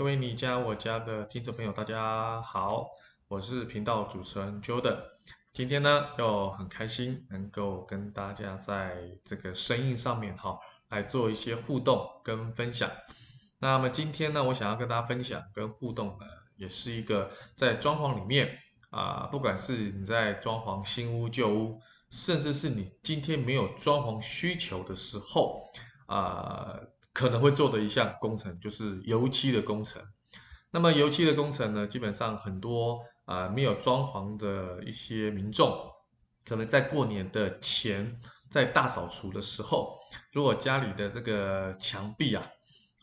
各位你家我家的聽眾朋友，大家好，我是頻道主持人 Jordan。今天呢，又很開心能夠跟大家在這個聲音上面哈來做一些互動跟分享。那麼今天呢，我想要跟大家分享跟互動呢，也是一個在裝潢裡面啊、呃，不管是你在裝潢新屋舊屋，甚至是你今天沒有裝潢需求的時候啊、呃。可能會做的一項工程就是油漆的工程。那麼油漆的工程呢，基本上很多啊、呃、沒有裝潢的一些民眾，可能在過年的前，在大掃除的時候，如果家裡的這個牆壁啊，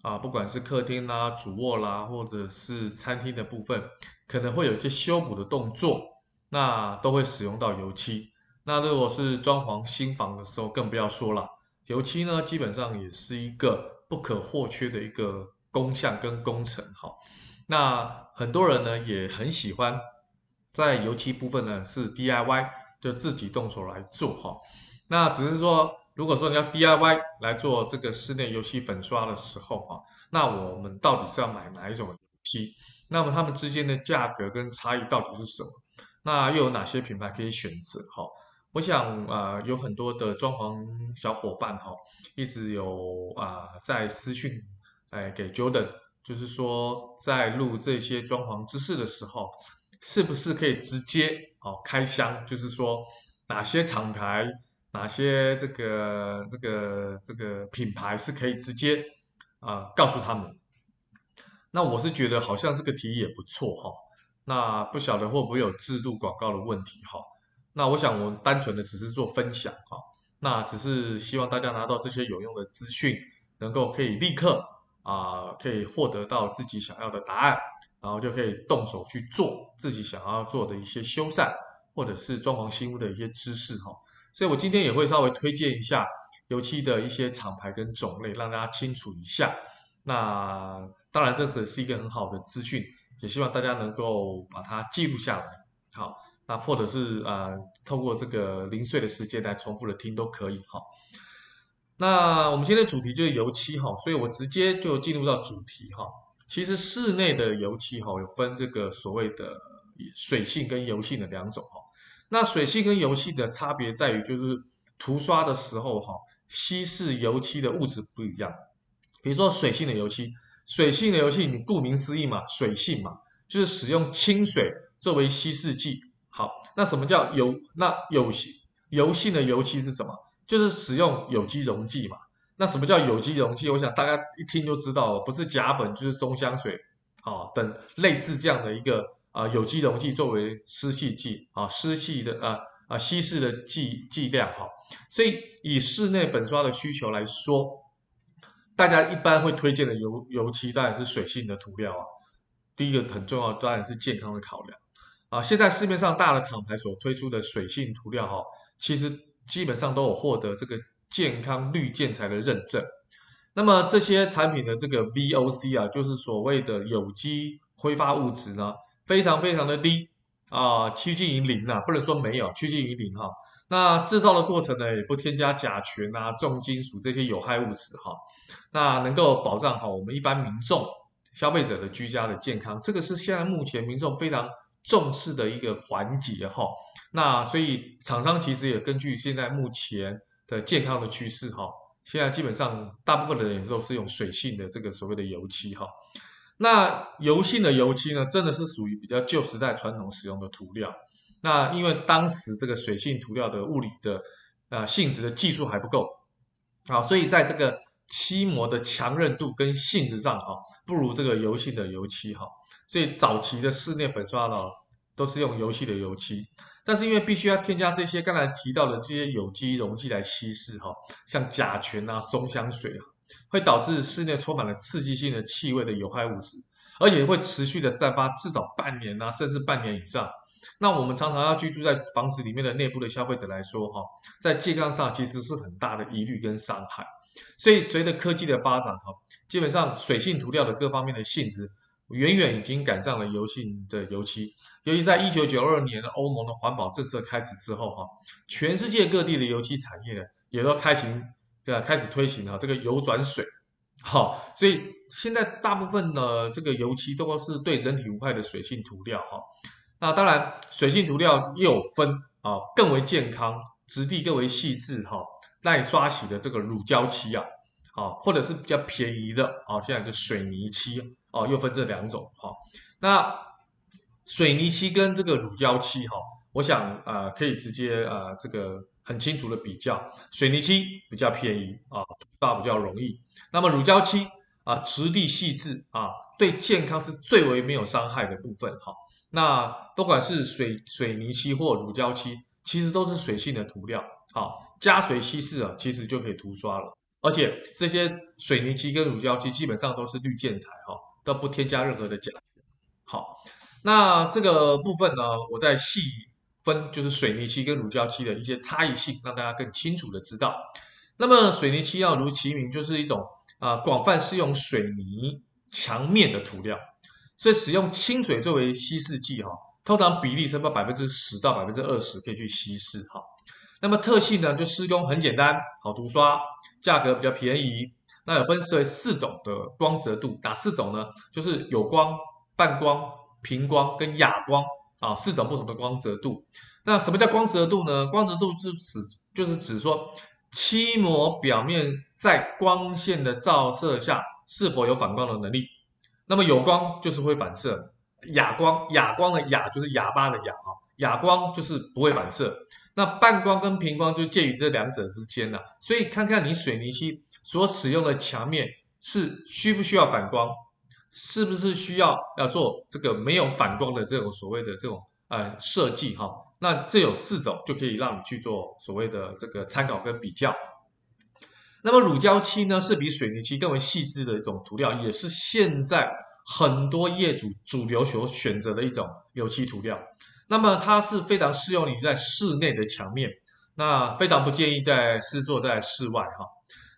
啊不管是客廳啦、啊、主臥啦、啊，或者是餐廳的部分，可能會有一些修補的動作，那都會使用到油漆。那如果是裝潢新房的時候，更不要說了，油漆呢，基本上也是一個。不可或缺的一個工項跟工程哈，那很多人呢也很喜歡在油漆部分呢是 DIY，就自己動手來做哈。那只是說，如果說你要 DIY 來做這個室內油漆粉刷的時候啊，那我們到底是要買哪一種漆？那麼它們之間的價格跟差異到底是什麼？那又有哪些品牌可以選擇哈？我想啊、呃，有很多的裝潢小夥伴哈、哦，一直有啊、呃、在私訊哎、呃、給 Jordan，就是說在錄這些裝潢知識的時候，是不是可以直接哦開箱？就是說哪些廠牌、哪些這個這個這個品牌是可以直接啊、呃、告訴他們？那我是覺得好像這個提議也不錯哈、哦。那不曉得會不會有制度廣告的問題哈？哦。那我想，我單純的只是做分享哈，那只是希望大家拿到這些有用的資訊，能夠可以立刻啊、呃，可以獲得到自己想要的答案，然後就可以動手去做自己想要做的一些修繕或者是裝潢新屋的一些知識哈。所以我今天也會稍微推薦一下油漆的一些廠牌跟種類，讓大家清楚一下。那當然，這是一個很好的資訊，也希望大家能夠把它記錄下來。好。那或者是啊、呃，透過這個零碎的時間來重複的聽都可以哈。那我們今天的主題就是油漆哈，所以我直接就進入到主題哈。其實室內的油漆哈，有分這個所謂的水性跟油性的兩種哈。那水性跟油性的差別在於，就是塗刷的時候哈，稀釋油漆的物質不一樣。比如說水性的油漆，水性的油漆，你顧名思義嘛，水性嘛，就是使用清水作為稀釋劑。好，那什麼叫油？那油性油性的油漆是什麼？就是使用有機溶劑嘛。那什麼叫有機溶劑？我想大家一聽就知道了，不是甲苯就是松香水啊、哦、等類似這樣的一個啊、呃、有機溶劑作為濕氣劑啊、哦、濕氣的、呃、啊啊稀釋的劑劑量哈、哦。所以以室內粉刷的需求來說，大家一般會推薦的油油漆當然是水性的塗料啊。第一個很重要當然是健康的考量。啊，現在市面上大的廠牌所推出的水性塗料哈，其實基本上都有獲得這個健康綠建材的認證。那麼這些產品的這個 VOC 啊，就是所謂的有機揮發物質呢，非常非常的低啊，呃，趨近於零啊，不能說沒有，趨近於零哈。那製造的過程呢，也不添加甲醛啊、重金屬這些有害物質哈。那能夠保障好我們一般民眾消費者的居家的健康，這個是現在目前民眾非常重視的一個環節哈，那所以廠商其實也根據現在目前的健康的趨勢哈，現在基本上大部分的人也都是用水性的這個所謂的油漆哈，那油性的油漆呢，真的是屬於比較舊時代傳統使用的塗料，那因為當時這個水性塗料的物理的呃性質的技術還不夠啊，所以在這個漆膜的強韌度跟性質上哈，不如這個油性的油漆哈，所以早期的室內粉刷呢。都是用油漆的油漆，但是因為必須要添加這些剛才提到的這些有機溶劑來稀釋哈，像甲醛啊、松香水啊，會導致室內充滿了刺激性的氣味的有害物質，而且會持續的散發至少半年啊，甚至半年以上。那我們常常要居住在房子裡面的內部的消費者來說哈，在健康上其實是很大的疑慮跟傷害。所以隨着科技的發展哈，基本上水性塗料的各方面的性質。遠遠已經趕上了油性的油漆。尤其在一九九二年的歐盟的環保政策開始之後，哈，全世界各地的油漆產業呢，也都開行對、啊、開始推行啊，這個油轉水，哈，所以現在大部分的這個油漆都是對人體無害的水性塗料，哈。那當然，水性塗料又有分啊，更為健康，質地更為細緻，哈，耐刷洗的這個乳膠漆啊，啊，或者是比較便宜的啊，現在是水泥漆。哦，又分這兩種哈、哦。那水泥漆跟這個乳膠漆哈、哦，我想啊、呃、可以直接啊、呃、這個很清楚的比較，水泥漆比較便宜啊、哦，塗刷比較容易。那麼乳膠漆啊、呃，質地細致啊，對健康是最為沒有傷害的部分哈、哦。那不管是水水泥漆或乳膠漆，其實都是水性的塗料，好、哦、加水稀釋啊，其實就可以塗刷了。而且這些水泥漆跟乳膠漆基本上都是綠建材哈。哦都不添加任何的甲醛。好，那這個部分呢，我再細分就是水泥漆跟乳膠漆的一些差異性，讓大家更清楚的知道。那麼水泥漆要如其名，就是一種啊、呃、廣泛適用水泥牆面的塗料，所以使用清水作為稀釋劑哈、哦，通常比例是把百分之十到百分之二十可以去稀釋哈。那麼特性呢，就施工很簡單，好塗刷，價格比較便宜。那有分為四種的光澤度，哪四種呢？就是有光、半光、平光跟啞光啊，四種不同的光澤度。那什麼叫光澤度呢？光澤度指、就是、就是指說漆膜表面在光線的照射下是否有反光的能力。那麼有光就是會反射，啞光啞光的啞就是啞巴的啞啊，啞光就是不會反射。那半光跟平光就介於這兩者之間了、啊。所以看看你水泥漆。所使用的牆面是需不需要反光，是不是需要要做這個沒有反光的這種所謂的這種呃設計哈？那這有四種就可以讓你去做所謂的這個參考跟比較。那麼乳膠漆呢，是比水泥漆更為細緻的一種塗料，也是現在很多業主主流所選擇的一種油漆塗料。那麼它是非常適用於在室內的牆面，那非常不建議在施做在室外哈。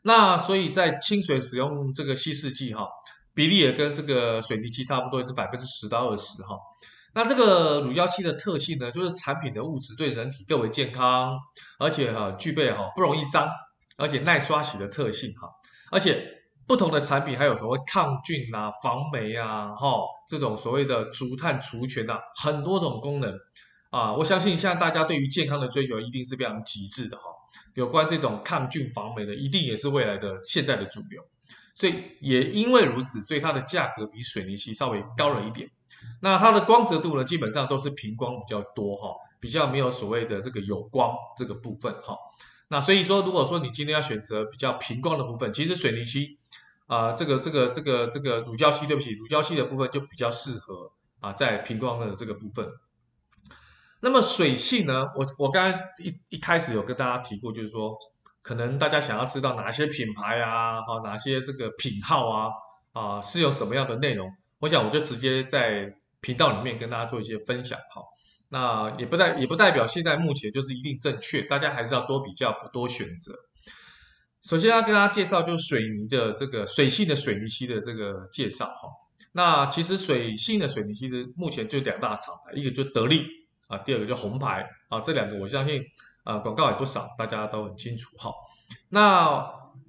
那所以，在清水使用這個稀釋劑哈，比例也跟這個水泥漆差不多是，是百分之十到二十哈。那這個乳膠漆的特性呢，就是產品的物質對人體更為健康，而且哈具備哈不容易髒，而且耐刷洗的特性哈。而且不同的產品還有所謂抗菌啊、防霉啊、哈這種所謂的竹炭除醛吶、啊，很多種功能啊。我相信現在大家對於健康的追求一定是非常極致的哈。有關這種抗菌防霉的，一定也是未來的現在的主流，所以也因為如此，所以它的價格比水泥漆稍微高了一點。那它的光澤度呢，基本上都是平光比較多哈，比較沒有所謂的這個有光這個部分哈。那所以說，如果說你今天要選擇比較平光的部分，其實水泥漆啊、呃，這個這個這個這個乳膠漆，對不起，乳膠漆的部分就比較適合啊，在平光的這個部分。那麼水性呢？我我剛才一一開始有跟大家提過，就是說，可能大家想要知道哪些品牌啊，哈，哪些這個品號啊，啊、呃，是有什麼樣的內容？我想我就直接在頻道裡面跟大家做一些分享哈。那也不代也不代表現在目前就是一定正確，大家還是要多比較多選擇。首先要跟大家介紹就是水泥的這個水性的水泥漆的這個介紹哈。那其實水性的水泥漆的目前就兩大廠牌，一個就得利。啊，第二個就虹牌啊，這兩個我相信啊，廣告也不少，大家都很清楚哈。那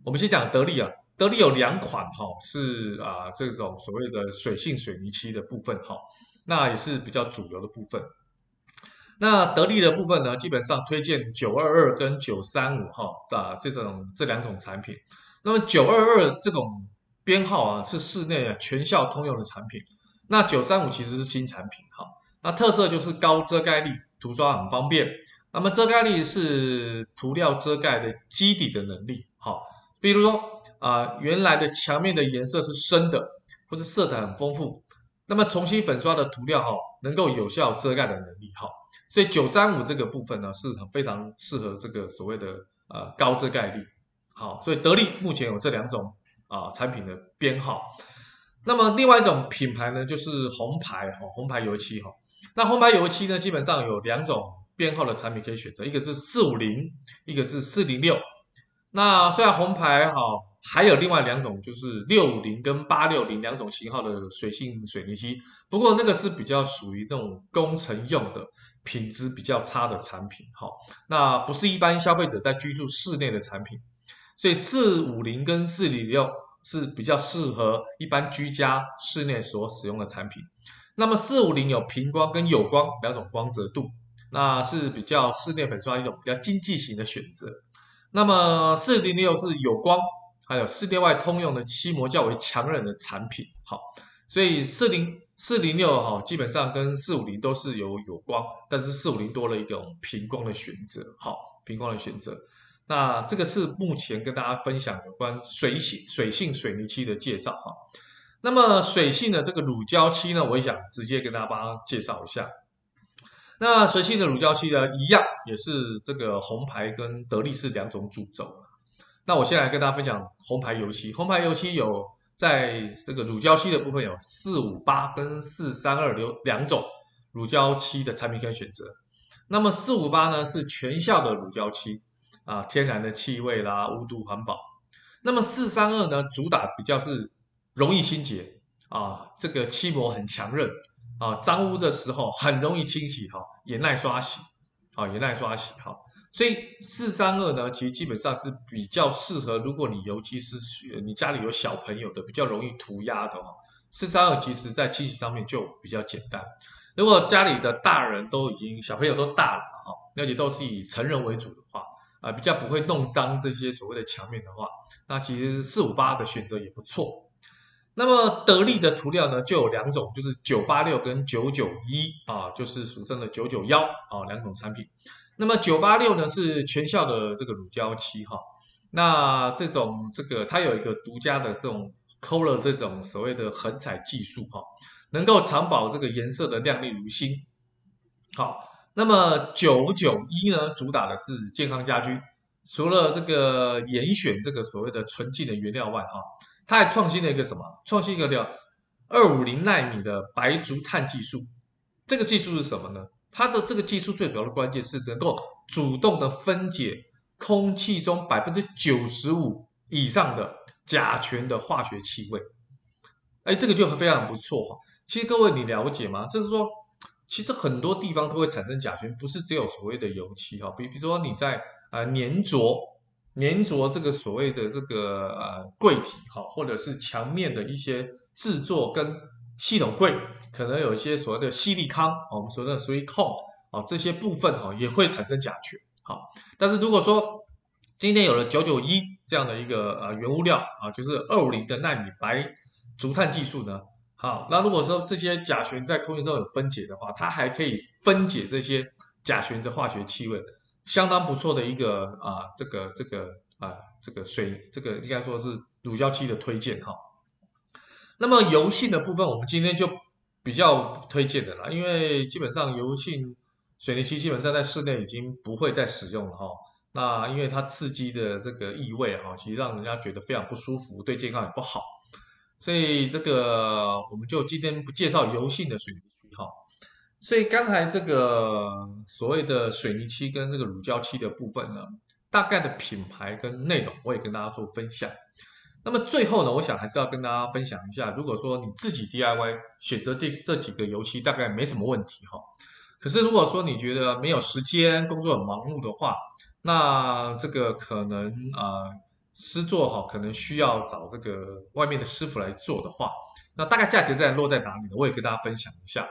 我們先講得利啊，得利有兩款哈、哦，是啊這種所謂的水性水泥漆的部分哈、哦，那也是比較主流的部分。那得利的部分呢，基本上推薦九二二跟九三五哈的這種這兩種產品。那麼九二二這種編號啊，是室內啊全校通用的產品。那九三五其實是新產品哈。哦那特色就是高遮蓋力，塗刷很方便。那麼遮蓋力是塗料遮蓋的基底的能力。好，比如說啊、呃，原來的牆面的顏色是深的，或者色彩很豐富，那麼重新粉刷的塗料哈，能夠有效遮蓋的能力。好，所以九三五這個部分呢，是很非常適合這個所謂的呃高遮蓋力。好，所以得利目前有這兩種啊、呃、產品的編號。那麼另外一種品牌呢，就是紅牌哈，紅牌油漆哈。那紅牌油漆呢，基本上有兩種編號的產品可以選擇，一個是四五零，一個是四零六。那雖然紅牌哈，還有另外兩種就是六五零跟八六零兩種型號的水性水泥漆，不過那個是比較屬於那種工程用的，品質比較差的產品哈。那不是一般消費者在居住室內的產品，所以四五零跟四零六。是比較適合一般居家室內所使用的產品。那麼四五零有平光跟有光兩種光澤度，那是比較室內粉刷一種比較經濟型的選擇。那麼四零六是有光，還有室內外通用的漆膜較為強韌的產品。哈，所以四零四零六哈，基本上跟四五零都是有有光，但是四五零多了一種平光的選擇。哈，平光的選擇。那這個是目前跟大家分享有關水性水性水泥漆的介紹哈。那麼水性的這個乳膠漆呢，我也想直接跟大家幫他介紹一下。那水性的乳膠漆呢，一樣也是這個紅牌跟得利是兩種主軸。那我先來跟大家分享紅牌油漆，紅牌油漆有在這個乳膠漆的部分有四五八跟四三二兩兩種乳膠漆的產品可以選擇。那麼四五八呢是全效的乳膠漆。啊，天然的氣味啦，無毒環保。那麼四三二呢，主打比較是容易清潔啊，這個漆膜很強韌啊，髒污的時候很容易清洗哈，也耐刷洗，啊，也耐刷洗哈、啊。所以四三二呢，其實基本上是比較適合，如果你尤其是你家裡有小朋友的，比較容易塗鴉的哈，四三二其實在清洗上面就比較簡單。如果家裡的大人都已經小朋友都大了哈、啊，那你都是以成人為主的話。啊，比較不會弄髒這些所謂的牆面的話，那其實四五八的選擇也不錯。那麼得利的塗料呢，就有兩種，就是九八六跟九九一啊，就是俗稱的九九幺啊兩種產品。那麼九八六呢是全效的這個乳膠漆哈、啊，那這種這個它有一個獨家的這種 Color 這種所謂的恆彩技術哈、啊，能夠長保這個顏色的亮麗如新，好、啊。那麼九九一呢，主打的是健康家居，除了這個嚴選這個所謂的純淨的原料外，哈，它還創新了一個什麼？創新一個叫二五零納米的白竹炭技術。這個技術是什麼呢？它的這個技術最主要的關鍵是能夠主動的分解空氣中百分之九十五以上的甲醛的化學氣味。哎，這個就非常不錯哈。其實各位你了解嗎？就是說。其實很多地方都會產生甲醛，不是只有所謂的油漆哈，比比如說你在啊粘着粘着這個所謂的這個呃櫃體哈，或者是牆面的一些制作跟系統櫃，可能有一些所謂的矽利康，我們說的屬於控，哦這些部分哈也會產生甲醛。好，但是如果說今天有了九九一這樣的一個呃原物料啊，就是二五零的奈米白竹炭技術呢？好，那如果說這些甲醛在空氣中有分解的話，它還可以分解這些甲醛的化學氣味，相當不錯的一個啊，這個這個啊，這個水這個應該說是乳膠漆的推薦哈。那麼油性的部分，我們今天就比較不推薦的啦，因為基本上油性水泥漆基本上在室內已經不會再使用了哈。那因為它刺激的這個異味哈，其實讓人家覺得非常不舒服，對健康也不好。所以這個我們就今天不介紹油性的水泥漆哈。所以剛才這個所謂的水泥漆跟這個乳膠漆的部分呢，大概的品牌跟內容我也跟大家做分享。那麼最後呢，我想還是要跟大家分享一下，如果說你自己 DIY 選擇這這幾個油漆大概沒什麼問題哈。可是如果說你覺得沒有時間，工作很忙碌的話，那這個可能啊、呃。師做哈，可能需要找這個外面的師傅來做的話，那大概價錢在落在哪裡呢？我也跟大家分享一下。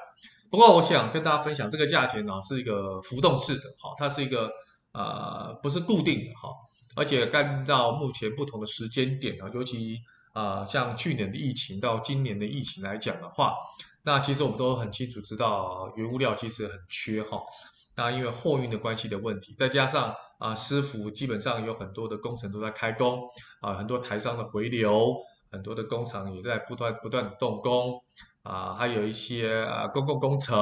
不過我想跟大家分享，這個價錢呢是一個浮動式的，哈，它是一個呃不是固定的，哈，而且干到目前不同的時間點啊，尤其啊、呃、像去年的疫情到今年的疫情來講的話，那其實我們都很清楚知道原物料其實很缺，哈，那因為貨運的關係的問題，再加上。啊，師傅基本上有很多的工程都在開工啊，很多台商的回流，很多的工廠也在不斷不斷的動工啊，還有一些啊公共工程，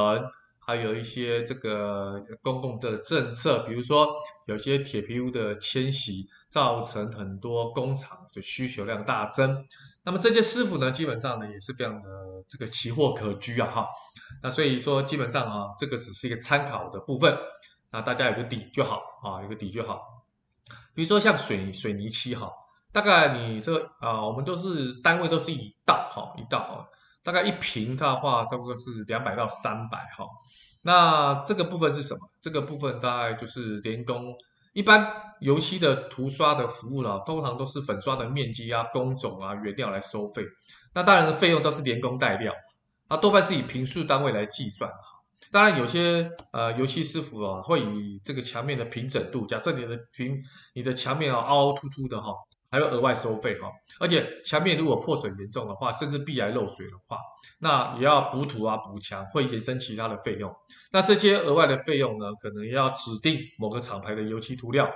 還有一些這個公共的政策，比如說有些鐵皮屋的遷徙，造成很多工廠的需求量大增。那麼這些師傅呢，基本上呢也是非常的這個奇貨可居啊，哈。那所以說，基本上啊，這個只是一個參考的部分。那大家有個底就好啊，有個底就好。比如說像水水泥漆哈，大概你這啊、呃，我們都是單位都是一道哈，一道哈，大概一平它的話，差不多是兩百到三百哈。那這個部分是什麼？這個部分大概就是連工。一般油漆的塗刷的服務呢，通常都是粉刷的面積啊、工種啊、原料來收費。那當然的費用都是連工帶料，啊，多半是以平數單位來計算。當然，有些呃油漆師傅啊，會以這個牆面的平整度，假設你的平你的牆面啊凹凸凸的哈、哦，還有額外收費哈、哦。而且牆面如果破損嚴重的話，甚至壁癌漏水的話，那也要補土啊補牆，會延伸其他的費用。那這些額外的費用呢，可能也要指定某個廠牌的油漆塗料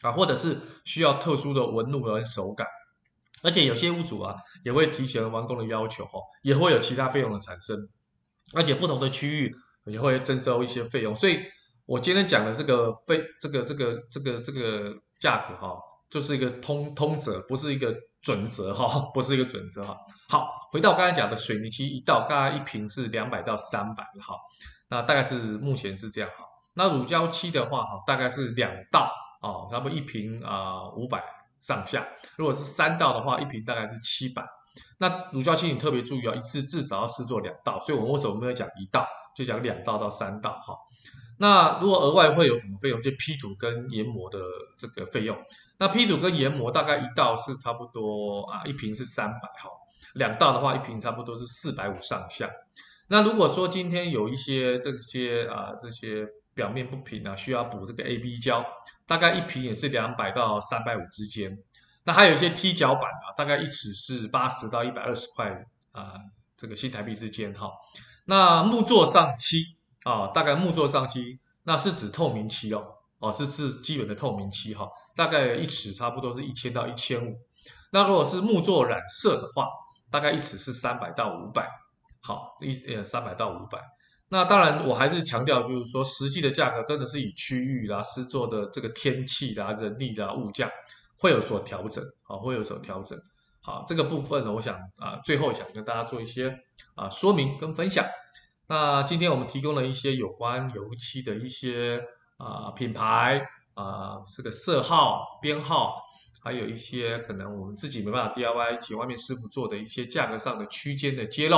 啊，或者是需要特殊的紋路和手感。而且有些屋主啊，也會提前完工的要求哈，也會有其他費用的產生。而且不同的區域，也會徵收一些費用，所以我今天講的這個費，這個這個這個、這個、這個價格哈、哦，就是一個通通則，不是一個準則哈、哦，不是一個準則哈、哦。好，回到我剛才講的水泥漆一道，大概一瓶是兩百到三百哈，那大概是目前是這樣哈。那乳膠漆的話哈，大概是兩道哦，那麼一瓶啊五百上下。如果是三道的話，一瓶大概是七百。那乳膠漆你特別注意啊、哦，一次至少要試做兩道，所以我們為什麼沒有講一道？就講兩道到三道哈，那如果額外會有什麼費用，就 P 圖跟研磨的這個費用。那 P 圖跟研磨大概一道是差不多啊，一坪是三百哈，兩道的話一坪差不多是四百五上下。那如果說今天有一些這些啊這些表面不平啊，需要補這個 A B 膠，大概一坪也是兩百到三百五之間。那還有一些踢腳板啊，大概一尺是八十到一百二十塊啊，這個新台幣之間哈。那木作上漆啊、哦，大概木作上漆，那是指透明漆哦，哦是指基本的透明漆哈、哦，大概一尺差不多是一千到一千五。那如果是木作染色的話，大概一尺是三百到五百、哦，好一呃三百到五百。那當然我還是強調，就是說實際的價格真的是以區域啦、啊、施作的這個天氣啦、啊、人力啦、啊、物價會有所調整，啊、哦、會有所調整。好，這個部分呢，我想啊、呃，最後想跟大家做一些啊、呃、說明跟分享。那今天我們提供了一些有關油漆的一些啊、呃、品牌啊、呃、這個色號編號，還有一些可能我們自己沒辦法 DIY 及外面師傅做的一些價格上的區間的揭露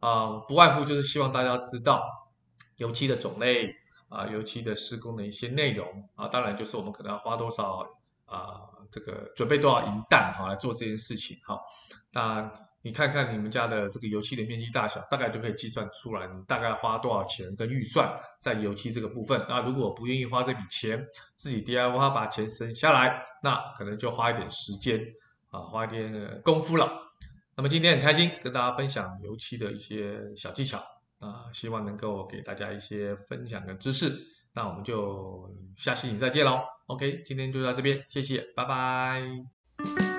啊、呃，不外乎就是希望大家知道油漆的種類啊、呃，油漆的施工的一些內容啊、呃，當然就是我們可能要花多少啊。呃這個準備多少銀彈，好來做這件事情，好，那你看看你們家的這個油漆的面積大小，大概就可以計算出來，你大概花多少錢跟預算在油漆這個部分。那如果不願意花這筆錢，自己 DIY，花把錢省下來，那可能就花一點時間，啊，花一點功夫了。那麼今天很開心跟大家分享油漆的一些小技巧，啊，希望能夠給大家一些分享的知識。那我們就下期再見嘍。OK，今天就到這邊，謝謝，拜拜。